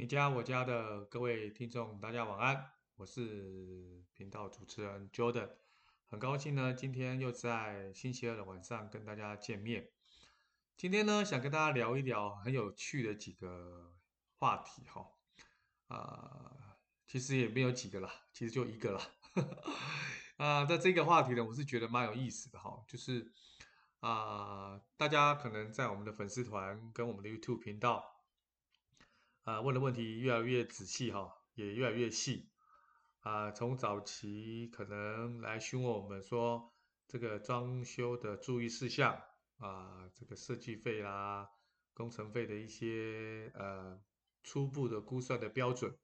你家、我家的各位聽眾，大家晚安。我是頻道主持人 Jordan，很高興呢，今天又在星期二的晚上跟大家見面。今天呢，想跟大家聊一聊很有趣的幾個話題、哦，哈、呃、啊，其實也沒有幾個啦，其實就一個啦。啊、 呃，那這個話題呢，我是覺得蠻有意思的，哈，就是啊、呃，大家可能在我們的粉絲團跟我們的 YouTube 頻道。啊，問的問題越來越仔細哈、哦，也越來越細啊、呃。從早期可能來詢問我們說這個裝修的注意事項啊、呃，這個設計費啦、工程費的一些呃初步的估算的標準，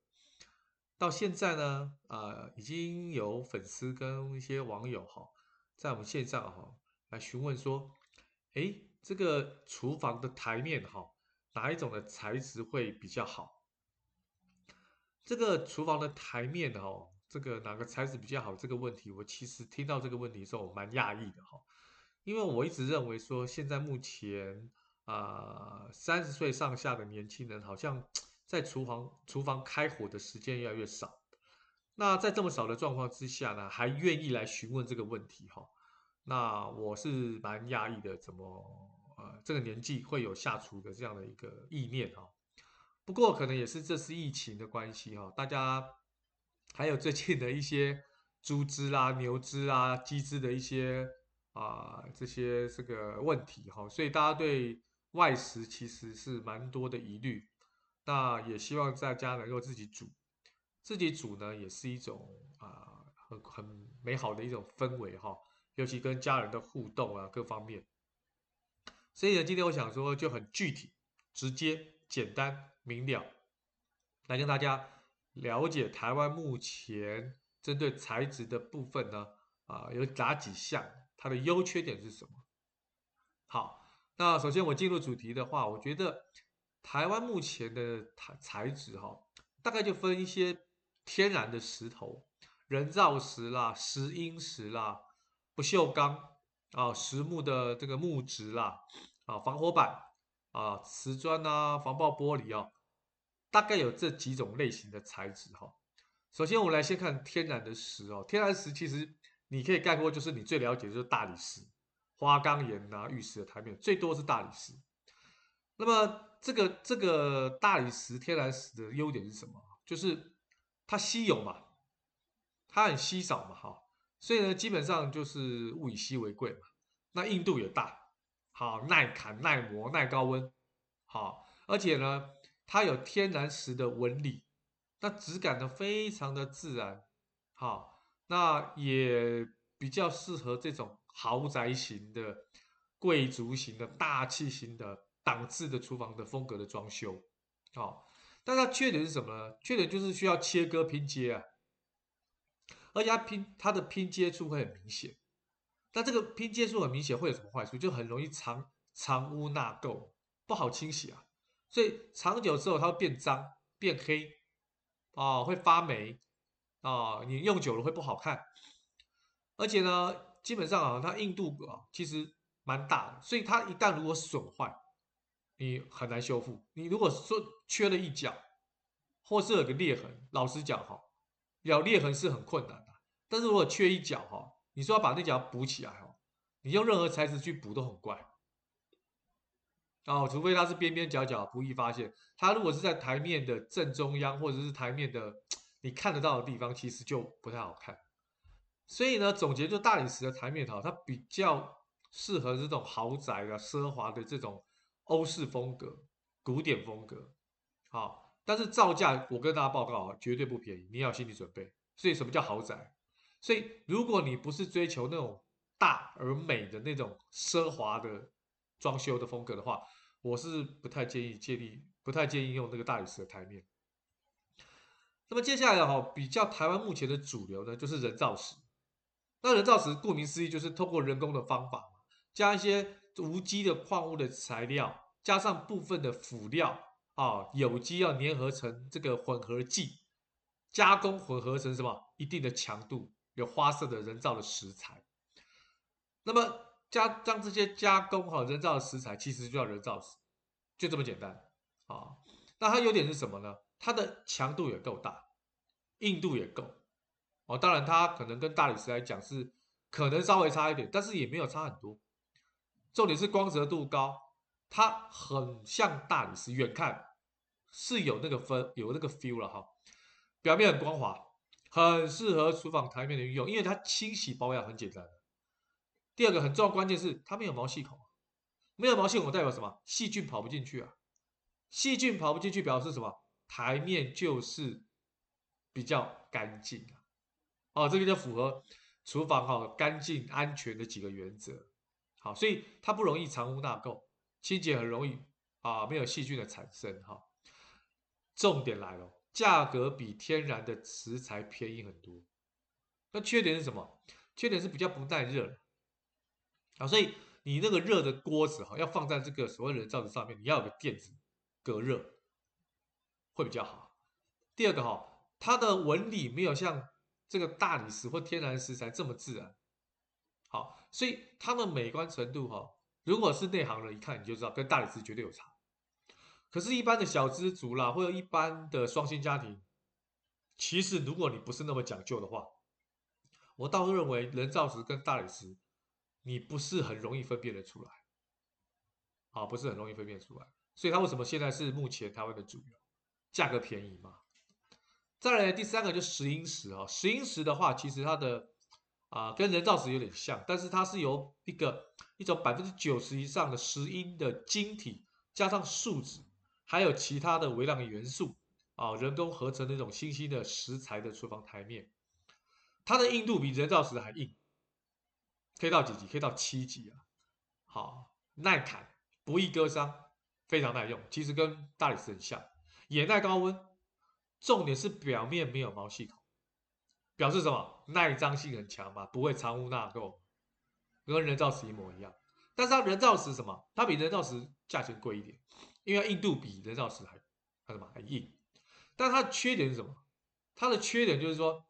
到現在呢啊、呃，已經有粉絲跟一些網友哈，在我們線上哈來詢問說，誒，這個廚房的檯面哈。哪一種的材質會比較好？這個廚房的檯面哦，這個哪個材質比較好？這個問題，我其實聽到這個問題的時候，我蠻訝異的哈、哦，因為我一直認為說，現在目前啊三十歲上下的年輕人，好像在廚房廚房開火的時間越來越少。那在這麼少的狀況之下呢，還願意來詢問這個問題哈、哦？那我是蠻訝異的，怎麼？這個年紀會有下廚的這樣的一個意念哈、哦，不過可能也是這次疫情的關係哈、哦，大家還有最近的一些豬隻啊、牛隻啊、雞隻的一些啊、呃、這些這個問題哈、哦，所以大家對外食其實是蠻多的疑慮。那也希望大家能夠自己煮，自己煮呢也是一種啊、呃、很很美好的一種氛圍哈、哦，尤其跟家人的互動啊各方面。所以呢，今天我想說就很具體、直接、簡單明了，來讓大家了解台灣目前針對材質的部分呢，啊、呃、有哪幾項，它的優缺點是什麼。好，那首先我進入主題的話，我覺得台灣目前的材材質哈、哦，大概就分一些天然的石頭、人造石啦、石英石啦、不鏽鋼。啊、哦，實木的這個木質啦，啊，防火板，啊，瓷磚吶、啊，防爆玻璃啊、哦，大概有這幾種類型的材質哈、哦。首先，我們來先看天然的石哦，天然石其實你可以概括就是你最了解的就是大理石、花崗岩吶、啊、玉石的台面，最多是大理石。那麼，這個這個大理石、天然石的優點是什麼？就是它稀有嘛，它很稀少嘛，哈、哦。所以呢，基本上就是物以稀為貴嘛。那硬度也大，好，耐砍、耐磨、耐高溫，好，而且呢，它有天然石的紋理，那質感呢非常的自然，好，那也比較適合這種豪宅型的、貴族型的、大氣型的、檔次的廚房的風格的裝修，好。但它缺點是什麼呢？缺點就是需要切割拼接啊。而且它拼它的拼接處會很明顯，那這個拼接處很明顯會有什麼壞處？就很容易藏藏污納垢，不好清洗啊。所以長久之後它會變髒變黑啊、哦，會發霉啊、哦，你用久了會不好看。而且呢，基本上啊，它硬度啊其實蠻大的，所以它一旦如果損壞，你很難修復。你如果說缺了一角，或是有個裂痕，老實講哈、啊。要裂痕是很困難的，但是我有缺一角哈，你說要把那角補起來，你用任何材質去補都很怪哦，除非它是邊邊角角不易發現。它如果是在檯面的正中央或者是檯面的你看得到的地方，其實就不太好看。所以呢，總結就大理石的檯面哈，它比較適合這種豪宅啊、奢華的這種歐式風格、古典風格，哦但是造價，我跟大家報告啊，絕對不便宜，你要有心理準備。所以什麼叫豪宅？所以如果你不是追求那種大而美的那種奢華的裝修的風格的話，我是不太建議借力，不太建議用那個大理石的檯面。那麼接下來哈，比較台灣目前的主流呢，就是人造石。那人造石顧名思義，就是透過人工的方法，加一些無機的礦物的材料，加上部分的輔料。啊、哦，有機要粘合成這個混合劑，加工混合成什麼，一定的強度，有花色的人造的石材。那麼加讓這些加工哈人造的石材，其實就叫人造石，就這麼簡單。好、哦，那它優點是什麼呢？它的強度也夠大，硬度也夠。哦，當然它可能跟大理石來講是可能稍微差一點，但是也沒有差很多。重點是光澤度高。它很像大理石，遠看是有那個分、有那個 feel 了哈。表面很光滑，很適合廚房檯面的運用，因為它清洗保養很簡單。第二個很重要的關鍵是它沒有毛細孔，沒有毛細孔代表什麼？細菌跑不進去啊！細菌跑不進去表示什麼？台面就是比較乾淨啊。哦，這個就符合廚房哈、哦、乾淨安全的幾個原則。好，所以它不容易藏污納垢。清潔很容易啊，沒有細菌的產生哈、哦。重點來了，價格比天然的食材便宜很多。那缺點是什麼？缺點是比較不耐熱，啊，所以你那個熱的鍋子哈、啊，要放在這個所謂人造的上面，你要有個墊子隔熱會比較好。第二個哈，它的紋理沒有像這個大理石或天然石材這麼自然，好、啊，所以它的美觀程度哈。啊如果是內行人，一看你就知道，跟大理石絕對有差。可是，一般的小資族啦，或者一般的雙薪家庭，其實如果你不是那麼講究的話，我倒是認為人造石跟大理石，你不是很容易分辨得出來。啊，不是很容易分辨出來，所以它為什麼現在是目前台灣的主要？價格便宜嘛。再來第三個就石英石啊，石英石的話，其實它的。啊，跟人造石有點像，但是它是由一個一種百分之九十以上的石英的晶體，加上樹脂，還有其他的微量的元素，啊，人工合成的一種新興的石材的廚房檯面，它的硬度比人造石還硬，可以到幾級？可以到七級啊，好，耐砍，不易割傷，非常耐用，其實跟大理石很像，也耐高溫，重點是表面沒有毛細孔。表示什麼？耐髒性很強嘛，不會藏污納垢，跟人造石一模一樣。但是它人造石什麼？它比人造石價錢貴一點，因為它硬度比人造石還還什麼？還硬。但它的缺點是什麼？它的缺點就是說，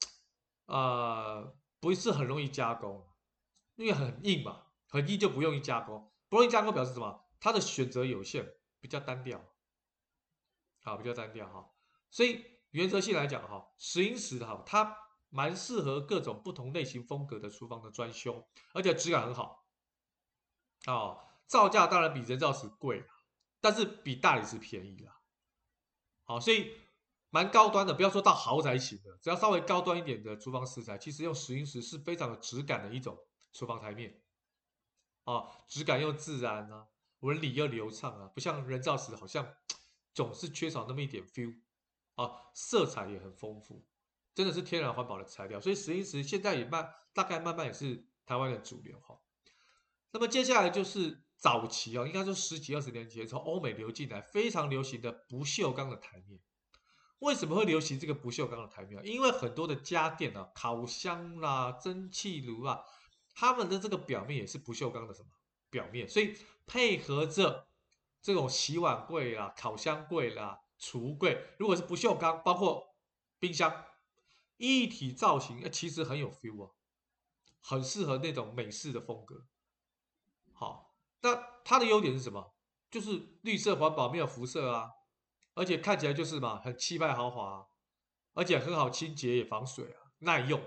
呃，不是很容易加工，因為很硬嘛，很硬就不容易加工。不容易加工表示什麼？它的選擇有限，比較單調。好，比較單調哈。所以原則性來講哈，石英石的哈，它。蠻適合各種不同類型風格的廚房的裝修，而且質感很好。哦，造價當然比人造石貴，但是比大理石便宜了。好、哦，所以蠻高端的，不要說到豪宅型的，只要稍微高端一點的廚房石材，其實用石英石是非常有質感的一種廚房台面。啊、哦，質感又自然呢、啊，紋理又流暢啊，不像人造石好像總是缺少那麼一點 feel、哦。啊，色彩也很豐富。真的是天然環保的材料，所以石英石現在也慢大概慢慢也是台灣的主流哈。那麼接下來就是早期哦，應該說十幾二十年前從歐美流進來非常流行的不鏽鋼的台面。為什麼會流行這個不鏽鋼的台面？因為很多的家電啊，烤箱啦、蒸汽爐啊，它們的這個表面也是不鏽鋼的什麼表面，所以配合着這種洗碗櫃啦、烤箱櫃啦、櫥櫃，如果是不鏽鋼，包括冰箱。一體造型，哎，其實很有 feel 啊，很適合那種美式的風格。好，那它的優點是什麼？就是綠色環保，沒有輻射啊，而且看起來就是嘛，很氣派豪華啊，而且很好清潔，也防水啊，耐用，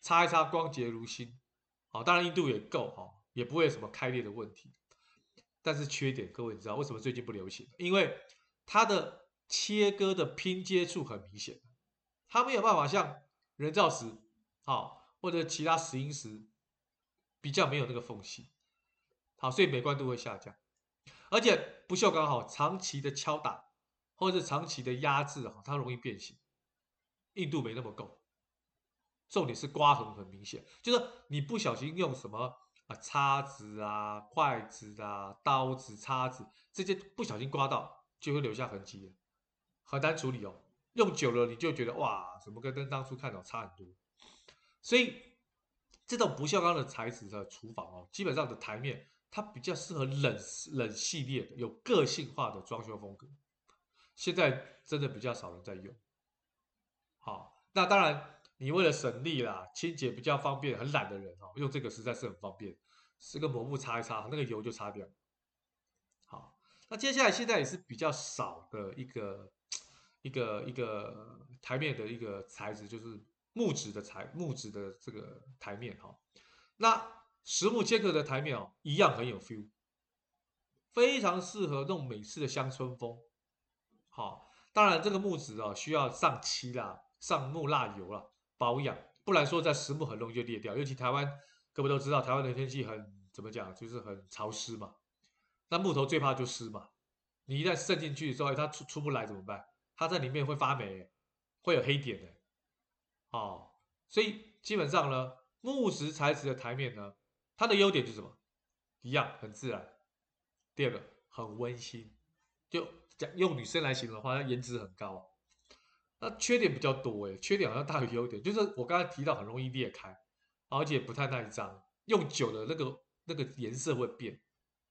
擦一擦光潔如新。好，當然硬度也夠哈，也不會有什麼開裂的問題。但是缺點，各位你知道為什麼最近不流行？因為它的切割的拼接處很明顯。它沒有辦法像人造石，好，或者其他石英石，比較沒有那個縫隙，好，所以美觀度會下降，而且不鏽鋼好，長期的敲打，或者是長期的壓制啊，它容易變形，硬度沒那麼夠，重點是刮痕很，很明顯，就是你不小心用什麼啊，叉子啊、筷子啊、刀子、叉子這些不小心刮到，就會留下痕跡，很難處理哦。用久了你就覺得哇，怎麼跟跟當初看到差很多？所以這種不鏽鋼的材質的廚房哦，基本上的台面，它比較適合冷冷系列的，有個性化的裝修風格。現在真的比較少人在用。好，那當然你為了省力啦，清潔比較方便，很懶的人哈、哦，用這個實在是很方便，是個抹布擦一擦，那個油就擦掉。好，那接下來現在也是比較少的一個。一個一個台面的一個材質就是木質的材木質的這個台面哈，那實木接合的台面哦一樣很有 feel，非常適合這種美式的鄉村風。好、哦，當然這個木質哦需要上漆啦，上木蠟油啦，保養，不然說在實木很容易就裂掉，尤其台灣各位都知道台灣的天氣很怎麼講，就是很潮濕嘛，那木頭最怕就是濕嘛，你一旦滲進去之後、哎、它出出不來怎麼辦？它在裡面會發霉、欸，會有黑點的、欸，哦，所以基本上呢，木質材質的台面呢，它的優點就是什麼？一樣很自然。第二個，很溫馨，就講用女生來形容的話，它顏值很高。那缺點比較多誒、欸，缺點好像大於優點，就是我剛才提到很容易裂開，而且不太耐髒，用久了那個那個顏色會變。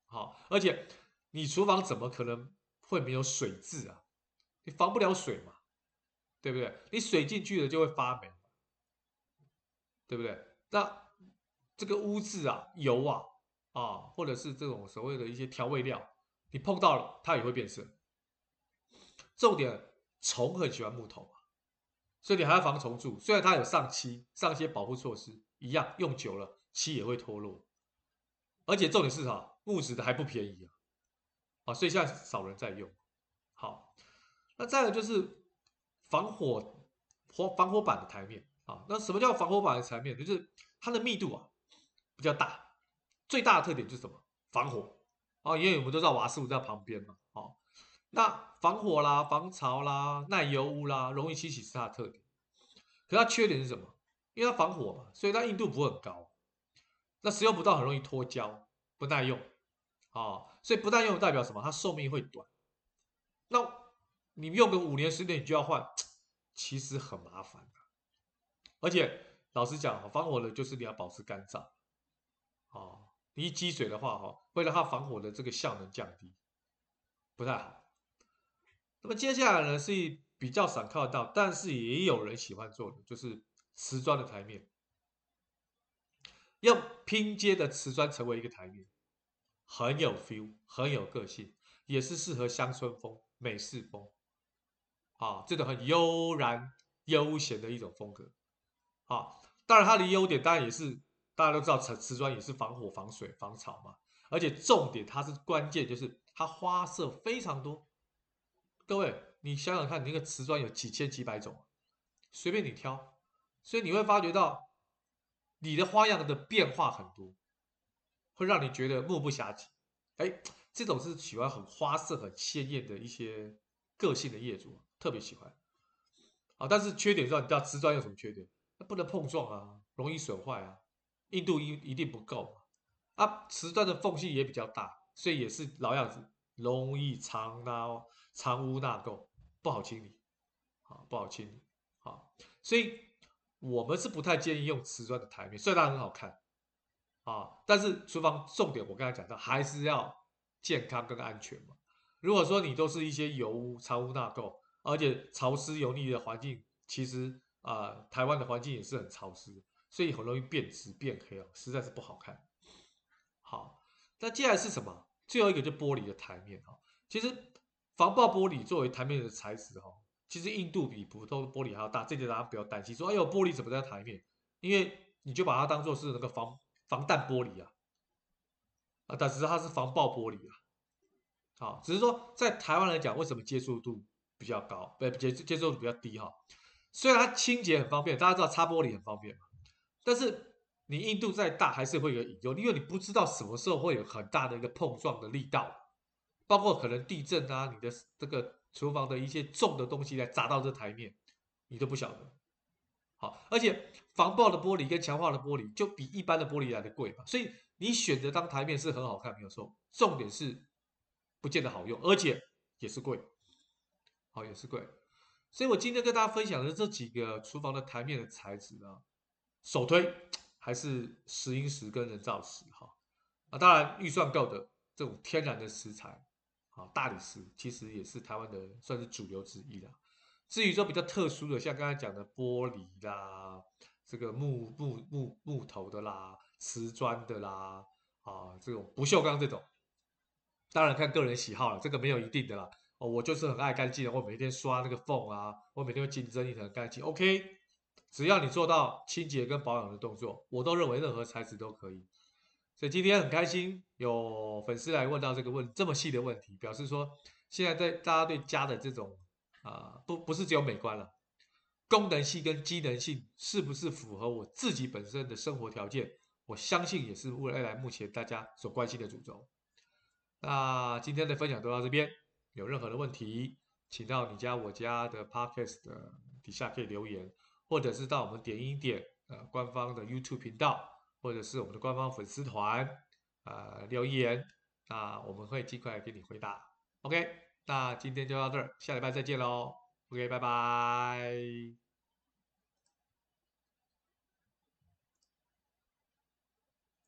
好、哦，而且你廚房怎麼可能會沒有水漬啊？你防不了水嘛，對不對？你水進去了就會發霉，對不對？那這個污漬啊、油啊、啊，或者是這種所謂的一些調味料，你碰到了它也會變色。重點，蟲很喜歡木頭嘛、啊，所以你還要防蟲蛀。雖然它有上漆、上一些保護措施，一樣用久了漆也會脫落。而且重點是啥、啊？木質的還不便宜啊，啊，所以現在少人在用。好。那再有就是防火防、防火板的檯面啊，那什麼叫防火板的檯面？就是它的密度啊比較大，最大的特點就是什麼？防火啊，因為我們都知道瓦斯爐在旁邊嘛啊，那防火啦、防潮啦、耐油污啦、容易清洗是它的特點。可它缺點是什麼？因為它防火嘛，所以它硬度不會很高，那使用不當很容易脫膠，不耐用啊。所以不耐用代表什麼？它壽命會短。那你用個五年十年你就要換，其實很麻煩，啊、而且老實講，防火的，就是你要保持乾燥，啊、哦，你一積水的話，哈，會讓它防火的這個效能降低，不太好。那麼接下來呢，是比較少看到，但是也有人喜歡做的，就是瓷磚的台面，用拼接的瓷磚成為一個台面，很有 feel，很有個性，也是適合鄉村風、美式風。啊、哦，這種很悠然悠閒的一種風格，啊、哦，當然它的優點當然也是大家都知道，瓷、瓷磚也是防火、防水、防潮嘛，而且重點它是關鍵，就是它花色非常多。各位，你想想看，你那個瓷磚有幾千幾百種，隨便你挑，所以你會發覺到你的花樣的變化很多，會讓你覺得目不暇接。哎，這種是喜歡很花色、很鮮豔的一些個性的業主。特別喜歡，啊，但是缺點是，你知道瓷磚有什麼缺點？它不能碰撞啊，容易損壞啊，硬度一一定不夠，啊，瓷磚的縫隙也比較大，所以也是老樣子，容易藏污藏污納垢，不好清理，啊，不好清理，啊，所以我們是不太建議用瓷磚的台面，雖然它很好看，啊，但是廚房重點我剛才講到，還是要健康跟安全嘛。如果說你都是一些油污藏污納垢，而且潮濕油膩的環境，其實啊、呃，台灣的環境也是很潮濕，所以很容易變質變黑哦，實在是不好看。好，那接下來是什麼？最後一個就玻璃的檯面啊。其實防爆玻璃作為檯面的材質哈，其實硬度比普通玻璃還要大，這點大家不要擔心說。說哎呦，玻璃怎麼在檯面？因為你就把它當做是那個防防彈玻璃啊，啊，但只是它是防爆玻璃啊。好，只是說在台灣來講，為什麼接觸度？比較高，呃，接接受度比較低哈。雖然它清潔很方便，大家知道擦玻璃很方便嘛，但是你硬度再大，還是會有影響，因為你不知道什麼時候會有很大的一個碰撞的力道，包括可能地震啊，你的這個廚房的一些重的東西來砸到這檯面，你都不曉得。好，而且防爆的玻璃跟強化的玻璃就比一般的玻璃來的貴嘛，所以你選擇當檯面是很好看，沒有錯，重點是不見得好用，而且也是貴。哦，也是貴，所以我今天跟大家分享的這幾個廚房的台面的材質啊，首推還是石英石跟人造石哈、哦，啊，當然預算夠的這種天然的石材，啊、哦，大理石其實也是台灣的算是主流之一啦。至於說比較特殊的，像剛才講的玻璃啦，這個木木木木頭的啦，瓷磚的啦，啊，這種不鏽鋼這種，當然看個人喜好了，這個沒有一定的啦。我就是很愛乾淨的，我每天刷那個縫啊，我每天會競爭一，理很乾淨。OK，只要你做到清潔跟保養的動作，我都認為任何材質都可以。所以今天很開心，有粉絲來問到這個問，這麼細的問題，表示說現在在大家對家的這種啊、呃，不不是只有美觀了，功能性跟機能性是不是符合我自己本身的生活條件？我相信也是未來目前大家所關心的主軸。那今天的分享就到這邊。有任何的問題，請到你家、我家的 podcast 的底下可以留言，或者是到我們點一點呃官方的 YouTube 頻道，或者是我們的官方粉絲團、呃、留言，那我們會盡快給你回答。OK，那今天就到這兒，下禮拜再見嘍。OK，拜拜。